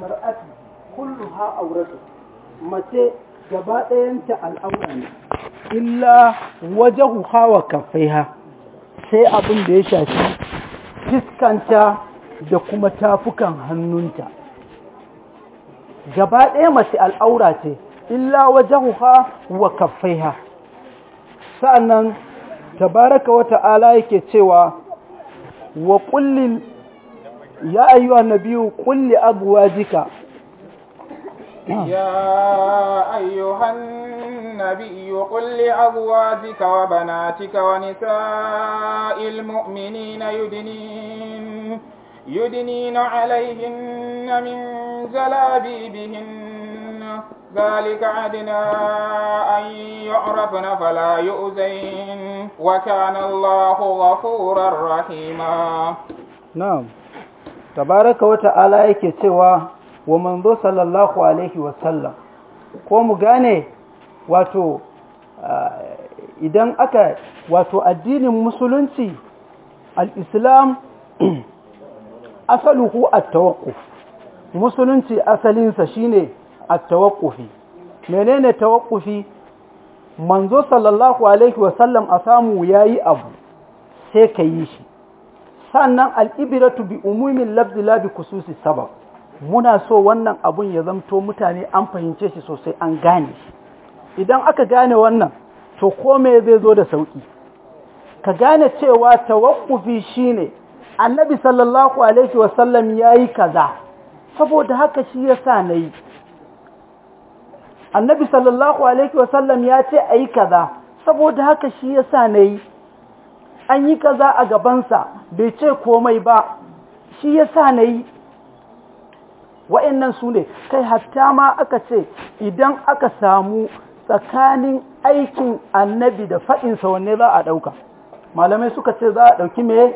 mar'atu kulluha auratu mace gaba ɗayanta al'aura ne illa wajahu hawa kafaiha sai abin da ya shafi fiskanta da kuma tafukan hannunta gaba ɗaya mace al'aura ce illa wajahu wa kafaiha sa'annan tabaraka Wata'ala yake cewa wa kullil يا أيها النبي قل لأزواجك يا أيها النبي قل لأزواجك وبناتك ونساء المؤمنين يدنين يدنين عليهن من جلابيبهن ذلك عدنا أن يعرفن فلا يؤذين وكان الله غفورا رحيما نعم tabaraka wa ta'ala yake cewa wa manzo sallallahu alaihi wasallam ko mu gane wato idan aka wato addinin musulunci al-islam asaluhu at tawakkuf musulunci asalinsa shine at tawakkufi. menene tawakkufi? manzo sallallahu alaihi wasallam a samu yayi abu sai ka yi shi sannan al'ibiratu bi umumin labzi labi bi kususi sabab muna so wannan abun ya zamto mutane an fahimce shi sosai an gane idan aka gane wannan to kome zai zo da sauƙi. ka gane cewa tawakkufi shine annabi sallallahu alaihi wasallam yi kaza saboda haka shi ya sa na yi annabi sallallahu alaihi wasallam ya ce ayi kaza saboda haka shi ya sa na yi. an yi kaza a gabansa bai ce komai ba shi ya sa na yi wa'annan su ne kai hatta ma aka ce idan aka samu tsakanin aikin annabi da faɗinsa wanne za a ɗauka malamai suka ce za a ɗauki mai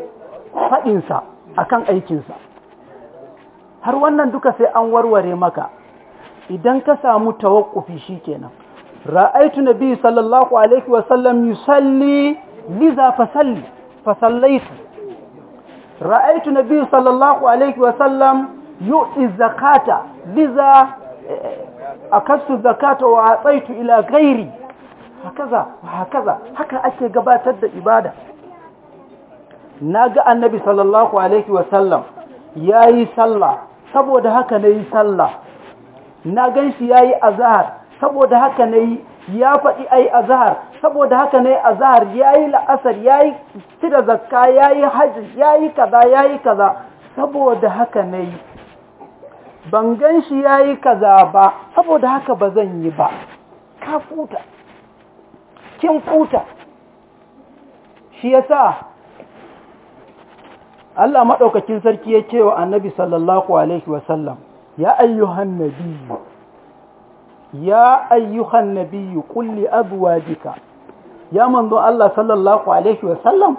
faɗinsa a kan aikinsa har wannan duka sai an warware maka idan ka samu tawakufi shi kenan ra'aitu nabi sallallahu alaihi wasallam yusalli liza fasalli فصليت رأيت النبي صلى الله عليه وسلم يؤتي الزكاة لذا أكست الزكاة وأعطيت إلى غيري هكذا وهكذا هكذا أشي قبات الإبادة ناقى النبي صلى الله عليه وسلم ya yi sallah saboda haka na yi sallah na gan shi ya yi azahar saboda haka na yi ya faɗi ai zahar. saboda haka ne ya yi la'asar ya yi tida zakka yi hajji yi kaza ya yi kaza saboda haka ne ban gan shi ya yi kaza ba saboda haka ba zan yi ba ka futa kin futa shi ya sa? Allah Maɗaukakin sarki ya ce wa Annabi sallallahu alaihi wasallam ya ayyuhan nabi ya ayyuhan nabiyyu kulli azwajika ya manzo Allah sallallahu alaihi Sallam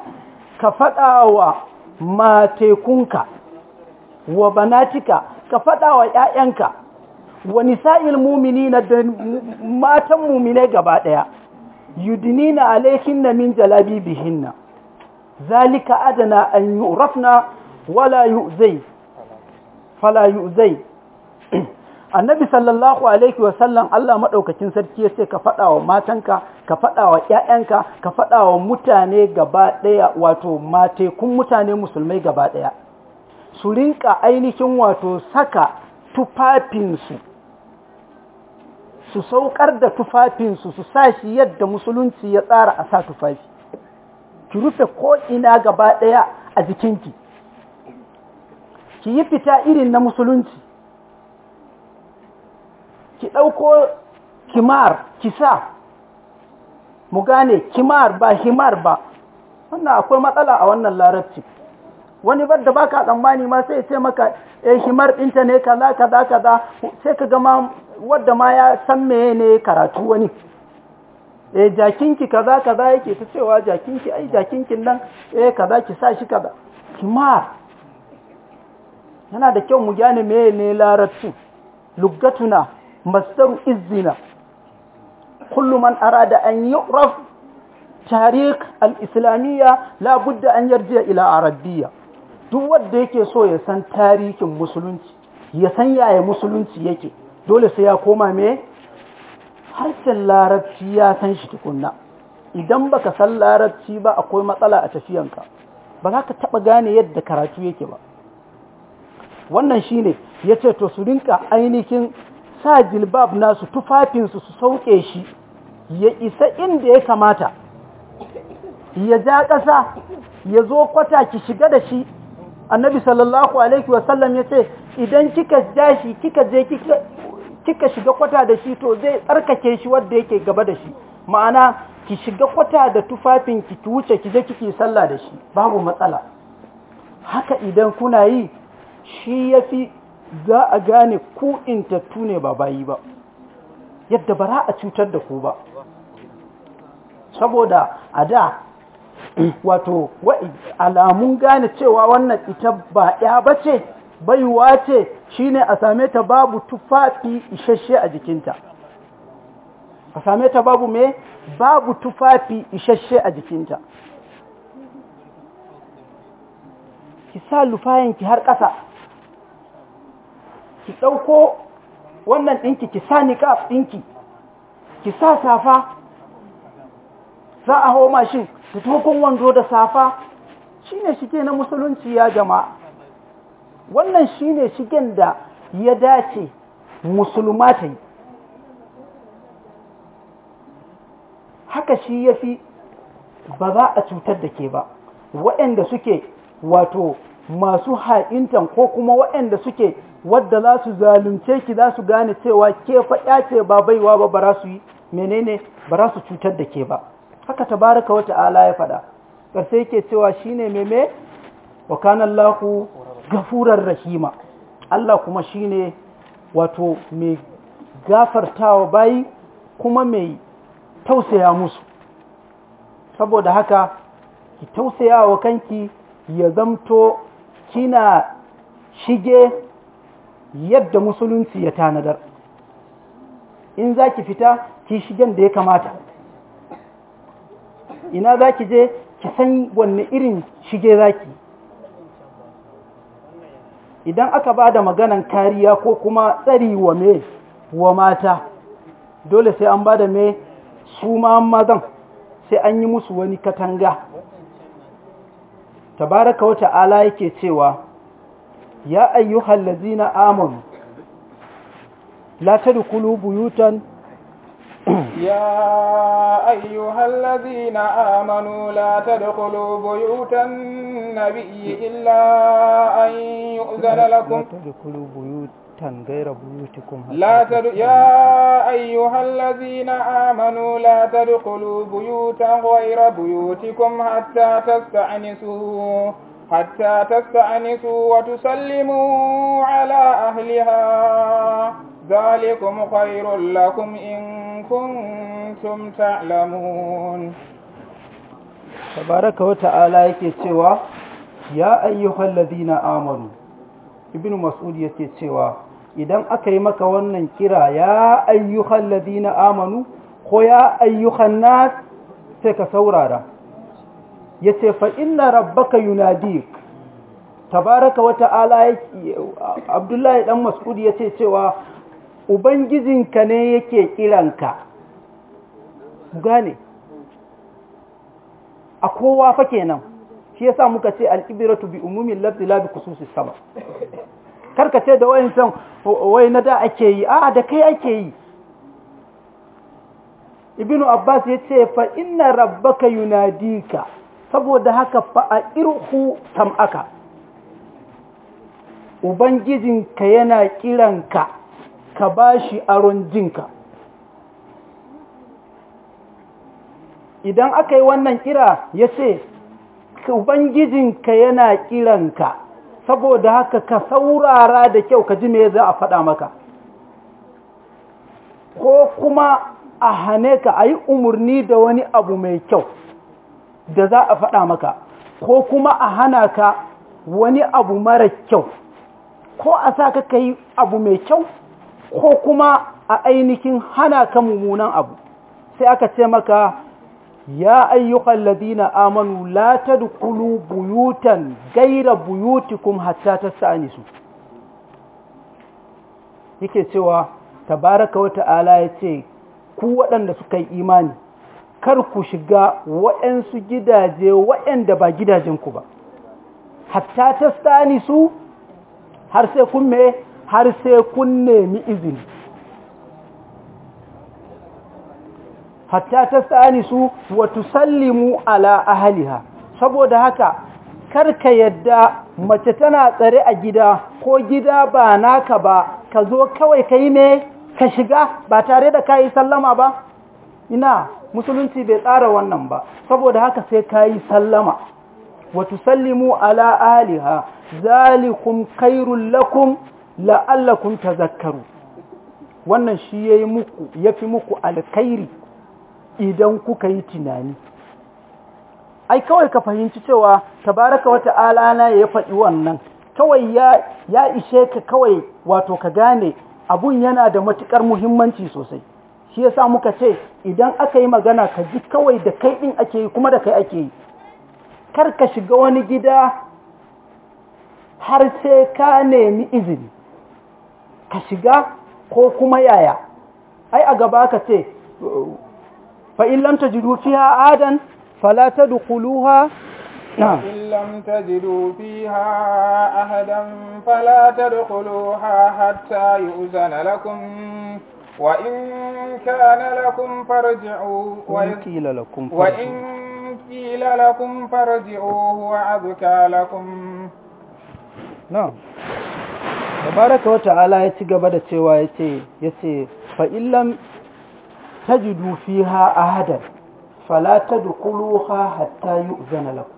ka faɗa wa matekunka wa banatika ka faɗa wa ‘ya'yanka wa nisa'il mumini na da matan mumine gaba ɗaya Yudinina na alaikin na min jalabi bihin na zalika adana an yi wala yi fala annabi sallallahu alaihi wasallam Allah maɗaukacin sarki ya ce ka faɗawa wa matanka ka fada wa ‘ya'yanka ka fada wa mutane gaba daya wato matekun mutane musulmai gaba daya su rinka ainihin wato saka tufafinsu su saukar da tufafinsu su sa shi yadda musulunci ya tsara a sa tufafi ki rufe ko'ina gaba daya a jikinki ki yi fita irin na musulunci ki ɗauko kimar kisa mu gane kimar ba himar ba wannan akwai matsala a wannan larabci wani bar da baka tsammani ma sai ce maka eh himar ɗinta ne kaza kaza kaza sai ka gama wadda ma ya san meye ne karatu wani eh jakinki kaza kaza yake ta cewa jakinki ai jakinkin nan eh kaza ki sa shi kaza kimar yana da kyau mu gane meye ne larabci lugatuna masdaru izina. kullu arada an yu'raf tariq al-islamiyya labudda an yarjiya ila arabiyya duk wanda yake so ya san tarihin musulunci ya san yaya musulunci yake dole sai ya koma mai harshen larabci ya san shi tukunna idan baka san larabci ba akwai matsala a tafiyanka ba za ka taba gane yadda karatu yake ba wannan shine yace to su rinka ainihin sa jilbab nasu tufafinsu su sauke shi ya isa inda ya kamata ya ja ƙasa ya zo kwata ki shiga da shi annabi sallallahu alaihi wasallam ya ce idan kika ja shi kika je kika shiga kwata da shi to zai tsarkake shi wadda yake gaba da shi ma'ana ki shiga kwata da tufafin ki wuce ki je kike salla da shi babu matsala haka idan kuna yi shi yafi za a gane ku intattu ne ba bayi ba yadda ba a cutar da ku ba saboda a da wato alamun gane cewa wannan ita ba ya ba ce baiwa ce shine a same ta babu tufafi isasshe a jikinta a same ta babu me babu tufafi isasshe a jikinta ki sa ki har ƙasa ki ɗauko wannan ɗinki ki sa niƙaf ɗinki ki sa safa za a hau mashin ki tokon wando da safa shi ne shige na musulunci ya jama'a wannan shi ne shigen da ya dace musulma haka shi ya fi ba za a cutar da ke ba waɗanda suke wato masu ha'intan ko kuma waɗanda suke wadda za su zalunce ki za su gane cewa ke faɗa ce ba baiwa ba ba su yi menene ba su cutar da ke ba haka ta tabaraka Wata Ala ya faɗa ƙarsai ke cewa shine meme wa kanan laku gafurar rahima Allah kuma shi ne wato mai gafartawa bayi kuma mai tausaya musu saboda haka ki tausaya wa kanki ya zamto kina shige yadda musulunci ya tanadar in za ki fita ki shigen da ya kamata ina za ki je ki san wanne irin shige za ki idan aka ba da maganan kariya ko kuma tsari wa me wa mata dole sai an ba da me su ma mazan sai an yi musu wani katanga tabaraka wata ala yake cewa ya ayyuhal ladzina amanu la tadkhulu buyutan يا أيها الذين آمنوا لا تدخلوا بيوت النبي إلا أن يؤذن لكم لا تدخلوا بيوتا غير بيوتكم لا تد... يا أيها الذين آمنوا لا تدخلوا بيوتا غير بيوتكم حتى تستأنسوا حتى تستأنسوا وتسلموا على أهلها ذلكم خير لكم إن كنتم تعلمون تبارك وتعالى يكتوى يا أيها الذين آمنوا ابن مسعود يكتوى idan aka yi maka wannan kira ya ayyuhan ladina amanu ko ya ayyuhan nas sai ka saurara ya ce fa'inna rabbaka yunadik tabaraka wata ala abdullahi dan mas'ud ya ce cewa ubangijinka ne yake kiranka gane a kowa fa kenan shi yasa muka ce al-ibratu bi umumin lafzi la bi khususis sama karka ce da wayan san wai na da ake yi a da kai ake yi ibnu abbas yace fa inna rabbaka yunadika saboda haka fa'a'irhu tam'aka ubangijinka yana kiranka ka ba shi aron jinka idan aka yi wannan kira ya ce ubangijinka yana ka, saboda haka ka saurara da kyau ka ji me za a faɗa maka ko kuma a hane ka a yi umarni da wani abu mai kyau da za a faɗa maka ko kuma a hana ka wani abu mara kyau ko a sa ka kai abu mai kyau ko kuma a ainihin hana ka mummunan abu sai aka ce maka ya ayyukan ladina amanu la Kulu, buyutan gaira buyutikum hatta su yake cewa tabaraka ala ya ce ku waɗanda suka yi imani kar ku shiga waɗansu gidaje waɗanda ba gidajenku ba hatta ta stani su har sai kun me har sai kun nemi izini hatta ta stani su wata sallimu ala ahaliha saboda haka karka yadda mace tana tsare a gida ko gida ba naka ba ka zo kawai ka yi ne ka shiga ba tare da ka yi sallama ba ina musulunci bai tsara wannan ba saboda haka sai ka yi sallama wata sallimu ala aliha zalikum lakun lakum ta Zakaru. wannan shi ya yi muku ya fi muku alkhairi idan kuka yi tunani ai kawai ka fahimci cewa tabaraka wata alana na ya faɗi wannan kawai ya ya ishe ka kawai wato ka gane abun yana da matukar muhimmanci sosai shi yasa muka ce idan aka yi magana ka ji kawai da kai ɗin ake yi kuma da kai ake yi kar ka shiga wani gida har sai ka nemi izini ka shiga ko kuma yaya ai a gaba ka ce fa'in lamta ta jiru ha adan fala ta dukuluha فإن لم تجدوا فيها أهدا فلا تدخلوها حتى يؤذن لكم وإن كان لكم فارجعوا وإن قيل لكم وإن قيل لكم فارجعوا هو أزكى لكم نعم tabaraka wa ta'ala ya ci gaba da cewa yace yace fa illam tajidu fiha ahadan fala tadkhuluha hatta yu'zana lakum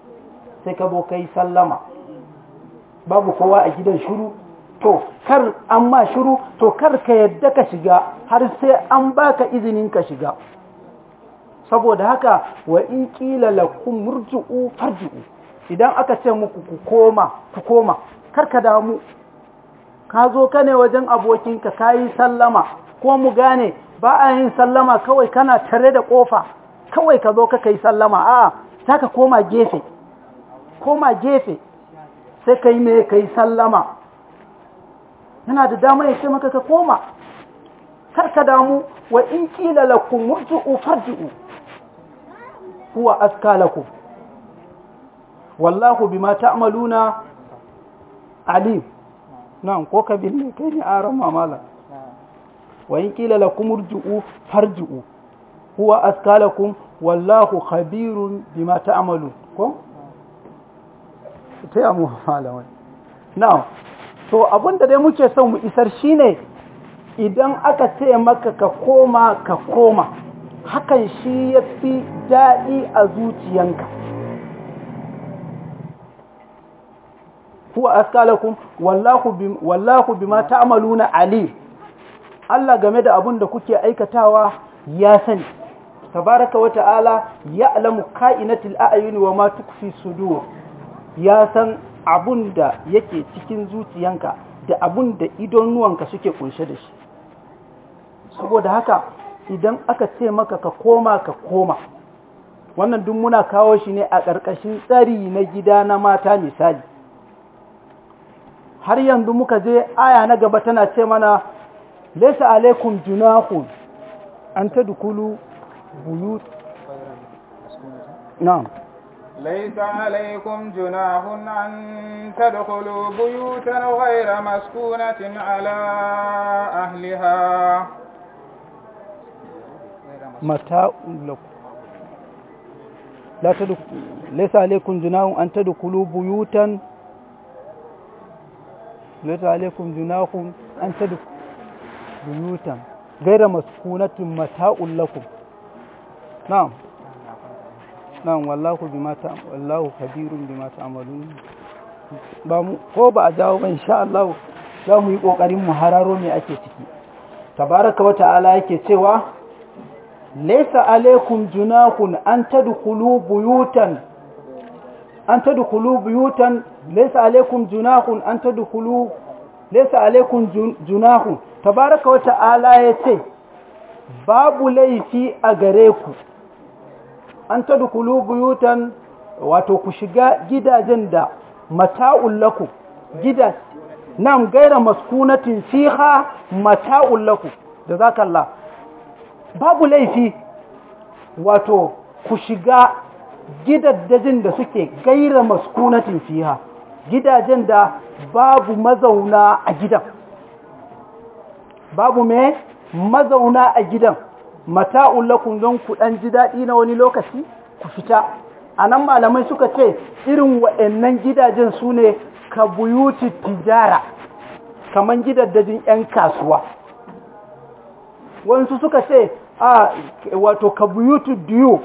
sai ka kai sallama babu kowa a gidan shiru to kar an ma shiru to kar ka yadda ka shiga har sai an baka izinin ka shiga saboda haka wa in lakun lakum murji'u farji'u idan aka ce muku ku koma ku koma kar ka damu ka zo ka ne wajen abokinka ka yi sallama ko mu gane ba a yin sallama kawai kana tare da kofa kawai ka zo ka kai sallama a'a za ka koma gefe koma gefe sai kai yi kai sallama yana da damar ya ce maka ka koma kar ka damu wa in kila lakum murji'u farji'u huwa aska lakum wallahu bima ta'maluna alim nan ko ka ne kai ne aran mamala wa in kila lakum murji'u farji'u huwa aska lakum wallahu khabirun bima ta'malun ko ta yamu malamai now to abin da dai muke son mu isar shine idan aka ce maka ka koma ka koma hakan shi ya fi daɗi a zuciyanka huwa askalakum wallahu bi wallahu bima ta'maluna ali Allah game da abin da kuke aikatawa ya sani tabaraka wa ta'ala ya'lamu ka'inatil a'yun wa ma tukfi sudur ya san abun da yake cikin zuciyanka da abun da idonuwanka suke kunshe da shi saboda haka idan aka ce maka ka koma ka koma wannan duk muna kawo shi ne a ƙarƙashin tsari na gida na mata misali har yanzu muka je aya na gaba tana ce mana laisa alaikum junahun an tadkhulu buyut no. ليس عليكم جناح أن تدخلوا بيوتا غير مسكونة على أهلها متاع لكم لا تدخل ليس عليكم جناح أن تدخلوا بيوتا ليس عليكم جناح أن تدخلوا بيوتا غير مسكونة متاع لكم نعم nan wallahu bima ta wallahu kabirun bima amalun ba mu ko ba a jawo ba insha Allah za mu yi kokarin mu hararo me ake ciki tabaraka wa ta'ala yake cewa laysa alaykum junahun an tadkhulu buyutan an tadkhulu buyutan laysa alaykum junahun an tadkhulu laysa alaykum junahun tabaraka wa ta'ala yace babu laifi a gare ku an tadkhulu buyutan wato ku shiga gidajen da mata'ul laku gida nan gaira maskunatin fiha mata'ul ka jazakallah babu laifi wato ku shiga gidajen da suke gaira maskunatin fiha gidajen da babu mazauna a gidan babu me mazauna a gidan mata'un lakun don ku ɗan ji daɗi na wani lokaci ku fita a nan malamai suka ce irin wa'annan gidajen su ne ka buyuti tijara kaman gidaddajin 'yan kasuwa wasu suka ce a wato ka buyuti diyo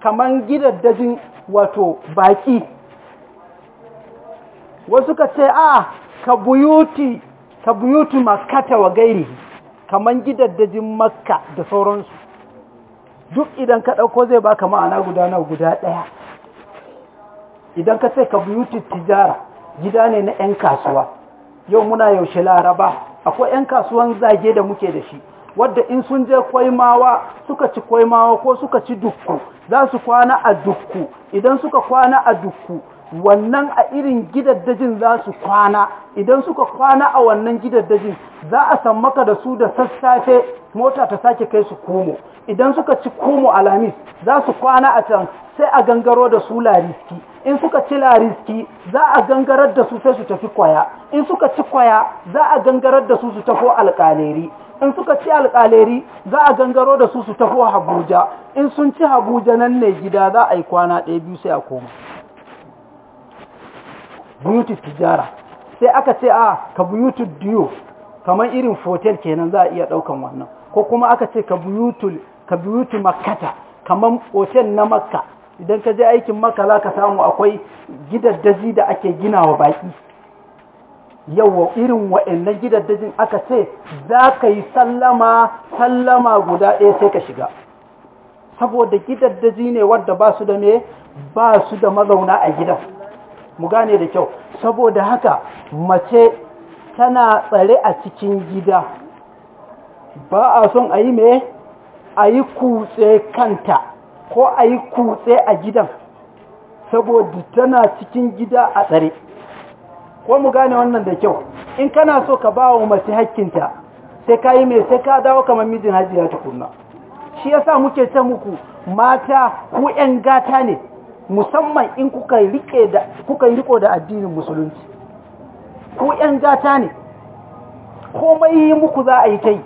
kamar gidaddajin wato baƙi wasu suka ce a ka buyuti makata wa gairi. kaman gidaddajin makka da sauransu duk idan ka ɗauko zai ba baka ma'ana guda nawa guda ɗaya idan ka sai ka buyuti tijara gida ne na 'yan kasuwa yau muna yaushe laraba akwai 'yan kasuwan zage da muke da shi wadda in sun je kwaimawa suka ci kwaimawa ko suka ci dukku za su kwana a dukku idan suka kwana a dukku wannan a irin gidaddajin za su kwana idan suka kwana a wannan gidaddajin za a san maka da su da sassafe mota ta sake kai su kumo, idan suka ci komo alhamis za su kwana a can sai a gangaro da su lariski in suka ci lariski za a gangarar da su sai su tafi kwaya in suka ci kwaya za a gangarar da su su tafi alƙaleri in suka ci alƙaleri za a gangaro da su su tafi habuja in sun ci habuja nan ne gida za a yi kwana ɗaya biyu sai a koma buyutus tijara sai aka ce a ah, ka buyutu diyo kamar irin fotel kenan za a iya daukan wannan ko kuma aka ce ka buyutu ka buyutu makkata kamar hotel na makka idan ka je aikin makka za ka samu akwai gidaddaji da ake gina wa baki yawa irin wa'annan gidaddajin aka ce za ka yi sallama sallama guda ɗaya sai ka shiga saboda gidaddaji ne wadda ba su da me ba su da mazauna a gidan mu gane da kyau saboda haka mace tana tsare a cikin gida ba a son a yi mai a yi kutse kanta ko a yi kutse a gidan saboda tana cikin gida a tsare ko mu gane wannan da kyau in kana so ka ba wa mace hakkinta sai ka yi mai sai ka dawo kamar mijin ta tukunna shi yasa muke ta muku mata ku 'yan gata ne musamman in kuka kuka riko da addinin musulunci ku yan gata ne komai yi muku za a yi kai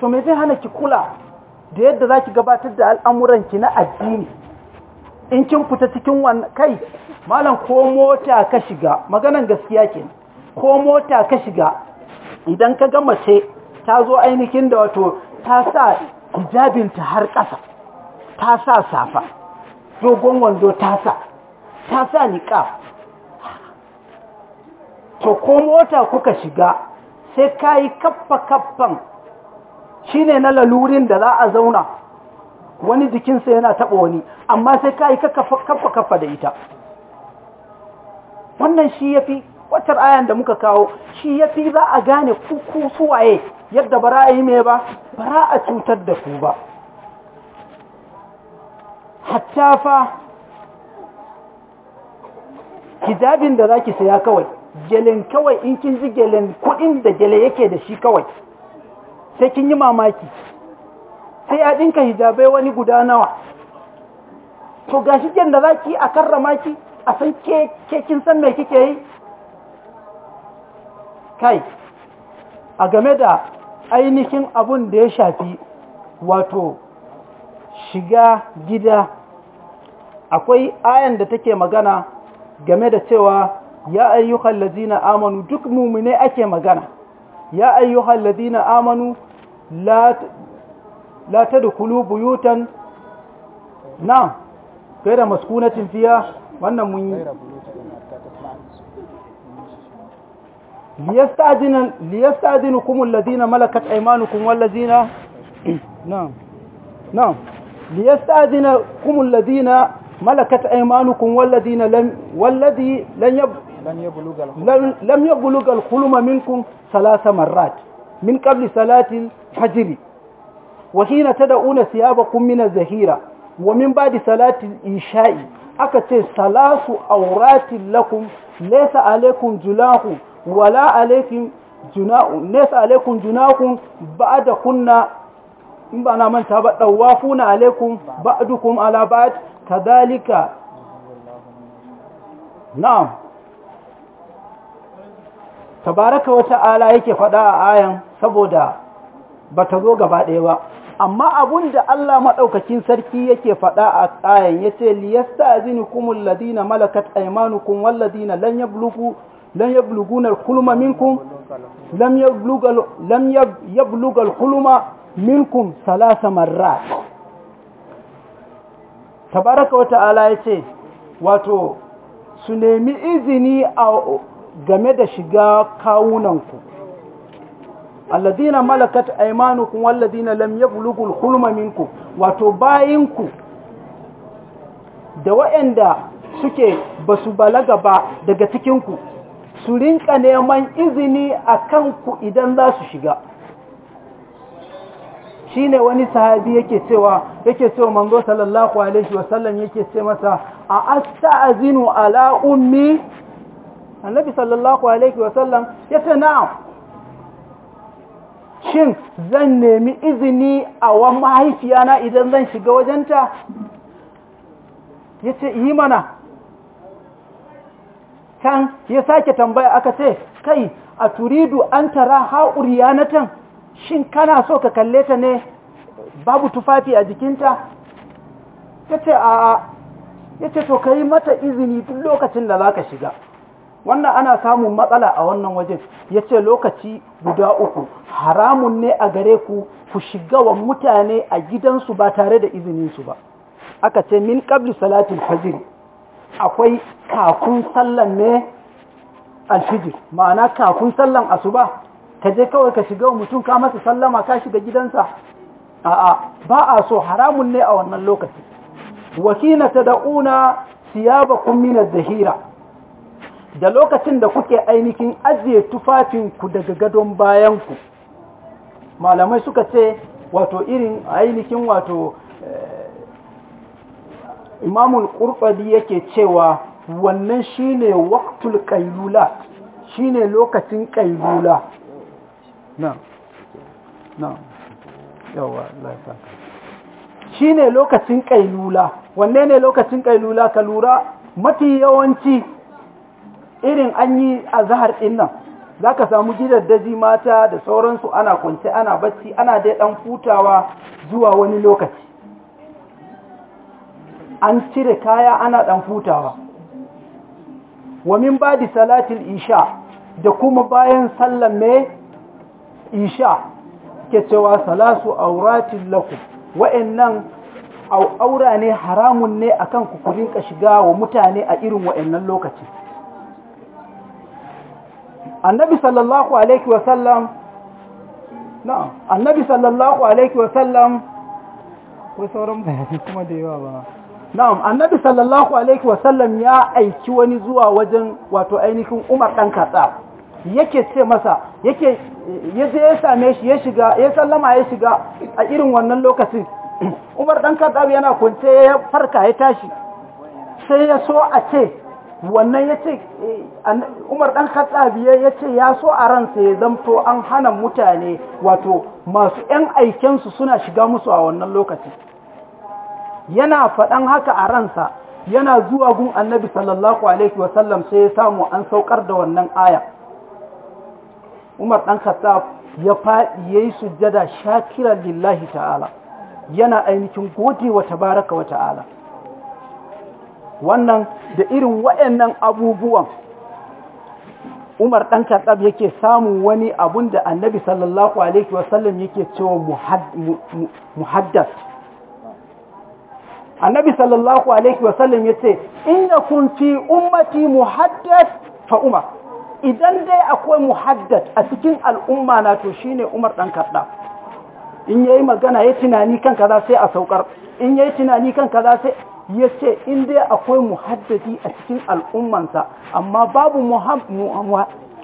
to me zai hana ki kula da yadda za ki gabatar da al'amuranki na addini in kin fita cikin wannan kai malam ko mota ka shiga maganan gaskiya ke ko mota ka shiga idan ka gama ce ta zo ainihin da wato ta sa hijabinta har ƙasa ta sa safa dogon wando ta sa ta sa niƙaf to ko mota kuka shiga sai ka yi kaffa-kaffan shi ne na lalurin da za a zauna wani jikinsa yana taɓa wani amma sai ka yi kaffa-kaffa da ita wannan shi ya fi wacce ayan da muka kawo shi ya fi za a gane kuku suwaye yadda ba yi mai ba bara a cutar da ku ba hatta fa hijabin da ki saya kawai gelin kawai in kin ji gelin kudin da gele yake da shi kawai sai kin yi mamaki sai a dinka hijabai wani guda nawa to gashi gen da za ki a karrama ki a san ke san me kike yi kai a game da ainihin abun da ya shafi wato shiga gida akwai ayan da take magana game da cewa ya ayyuhal ladina amanu duk mumine ake magana ya ayyuhal ladina amanu la la tadkhulu buyutan na gaira maskunatin fiya wannan mun yi liyasta'dina liyasta'dinukum alladhina malakat aymanukum na na'am na'am liyasta'dinakum alladhina malakat aymanukum walladina lam walladhi lan yab lam yablugha al-hulma minkum thalatha marrat min qabli salatin al wahina ta hina tad'una thiyabakum min az-zahira wa min ba'di salati al-isha'i aka ce salasu auratin lakum laysa alaykum junahu wala in ba na manta ba dawafuna alaikum ba'dukum ala ba'd كذلك نعم تبارك وتعالى yake faɗa a ayan saboda bata zo gaba ɗaya ba amma abun da Allah maɗaukacin sarki yake faɗa a ayan yace liyastazinukumul ladina malakat aymanukum wal ladina yablughu lan yabluguna minkum lam yablugha lam yablugha al minkum thalath marrat tabaraka wa ta'ala ya ce wato su nemi izini a game da shiga kawunanku alladina malakat aimanukum walladina lam yablughul hulma minkum wato bayinku da waɗanda suke basu balaga ba daga cikinku su rinka neman izini a kanku idan za su shiga shine wani sahabi yake cewa yake cewa manzo sallallahu alaihi wasallam yake ce masa a asta'zinu ala ummi annabi sallallahu alaihi wasallam yace na'am shin zan nemi izini a wa na idan zan shiga wajenta yace yi mana kan ya sake tambaya aka ce kai a turidu an tara can. shin kana so ka kalle ta ne babu tufafi a jikinta ta ce a ya ce to ka yi mata izini duk lokacin da za ka shiga wannan ana samun matsala a wannan wajen ya ce lokaci guda uku haramun ne a gare ku ku shiga wa mutane a gidansu ba tare da izininsu ba aka ce min kabli salatin fajiri akwai kakun sallan ne alfijir ma'ana kakun sallan asuba ka je kawai ka shiga mutum ka masa sallama ka shiga gidansa a'a ba a so haramun ne a wannan lokaci wakina da'una siyabakum min az-zahira da lokacin da kuke ainihin ajiye tufafin ku daga gadon bayan ku malamai suka ce wato irin ainihin wato eh, imamul ƙurɓadi yake cewa wannan shine waqtul qailula shine lokacin qailula Nan, nan, yawa laifin. shi ne lokacin ƙailula wanne ne lokacin ƙailula ka lura mafi yawanci irin an yi a zahar ɗinnan? nan za ka samu daji mata da sauransu ana kwanci ana bacci ana dai ɗan futawa zuwa wani lokaci an cire kaya ana ɗan futawa wa min ba salatin isha da kuma bayan sallan mai isha ke cewa salasu auratin lakum wa'annan aura ne haramun ne akan ku kudin ka shiga wa mutane a irin wa'annan lokaci annabi sallallahu alaihi wa sallam na'am annabi sallallahu alaihi wa sallam ko sauran bayani kuma da yawa ba na'am annabi sallallahu alaihi wa sallam ya aiki wani zuwa wajen wato ainihin Umar dan Khattab yake ce masa yake ya je ya same shi ya shiga ya sallama ya shiga a irin wannan lokacin Umar dan Khattab yana kunce, ya farka ya tashi sai ya so a ce wannan ya ce Umar dan Khattab ya ce ya so a ransa ya zamto an hana mutane wato masu ƴan su suna shiga musu a wannan lokacin yana faɗan haka a ransa yana zuwa gun annabi sallallahu alaihi wasallam sai ya samu an saukar da wannan aya umar ɗan khattab ya faɗi ya yi sujjada Shakira lillahi ta'ala yana ainihin gode wa tabaraka wa ta'ala wannan da irin waɗannan abubuwan umar ɗan khattab yake samun wani abun da annabi sallallahu alaihi wasallam yake cewa muhaddas annabi sallallahu alaihi wasallam ya ce ina kun fi ummati muhaddas fa’umar. umar idan dai akwai muhaddad a cikin al'umma na to shine Umar dan Kadda in yayi magana ya tunani kan kaza sai a saukar in yayi tunani kan kaza sai yace in dai akwai muhaddadi a cikin al'ummansa amma babu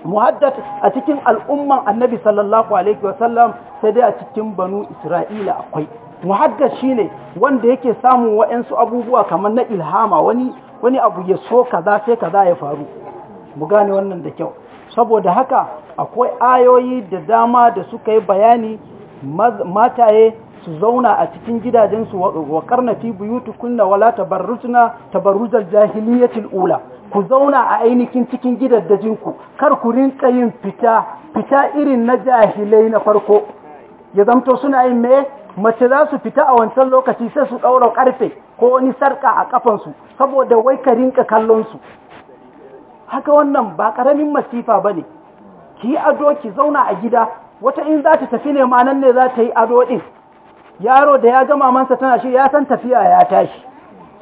muhaddad a cikin al'umman Annabi sallallahu alaihi wasallam sai dai a cikin banu Isra'ila akwai muhaddad shine wanda yake samun wa'ansu abubuwa kamar na ilhama wani wani abu ya so kaza sai kaza ya faru mu gane wannan da kyau saboda haka akwai ayoyi da dama da suka yi bayani mataye su zauna a cikin gidajensu wa karnafi kunna wala tabarrujna tabarrujal jahiliyatil ula ku zauna a ainihin cikin ku kar ku rinka yin fita fita irin na jahilai na farko ya zamto suna yin me mace za su fita a wancan lokaci sai su ɗaura ƙarfe ko wani sarƙa a ƙafansu saboda wai ka rinka kallon su haka wannan ba ƙaramin masifa ba ne ki ado ki zauna a gida wata in za ta tafi ne ma nan ne za ta yi ado ɗin yaro da ya gama mansa tana shi ya san tafiya ya tashi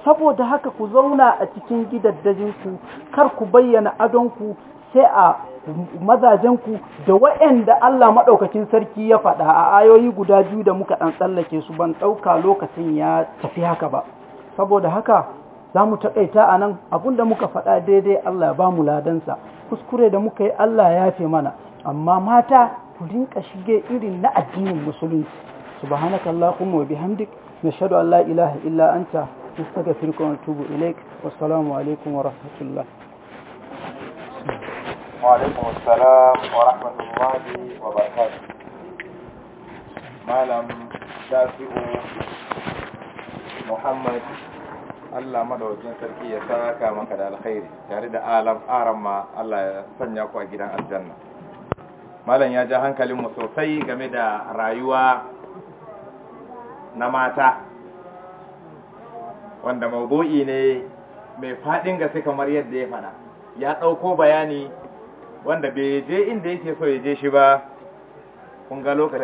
saboda haka ku zauna a cikin gidaddajinku kar ku bayyana adonku sai a mazajenku da waɗanda Allah maɗaukacin sarki ya faɗa a ayoyi guda biyu da muka ɗan tsallake su ban ɗauka lokacin ya tafi haka ba saboda haka za mu taƙaita a nan abinda muka faɗa daidai Allah ba mu ladansa kuskure da muka yi Allah ya fi mana amma mata ku rinka shige irin na addinin musulunci subhanaka allahumma wa bihamdik nashhadu an la ilaha illa anta nastaghfiruka wa tubu ilaik wassalamu alaikum wa rahmatullah wa السلام wa الله wa ما malam شافئ muhammad. Allah madawacin sarki ya saka maka da alkhairi tare da alam aran Allah ya sanya ku a gidan aljanna malam ya ja hankalin mu sosai game da rayuwa na mata wanda mabu'i ne mai fadin gaske kamar yadda ya fada ya dauko bayani wanda bai je inda yake so ya je shi ba kun ga lokacin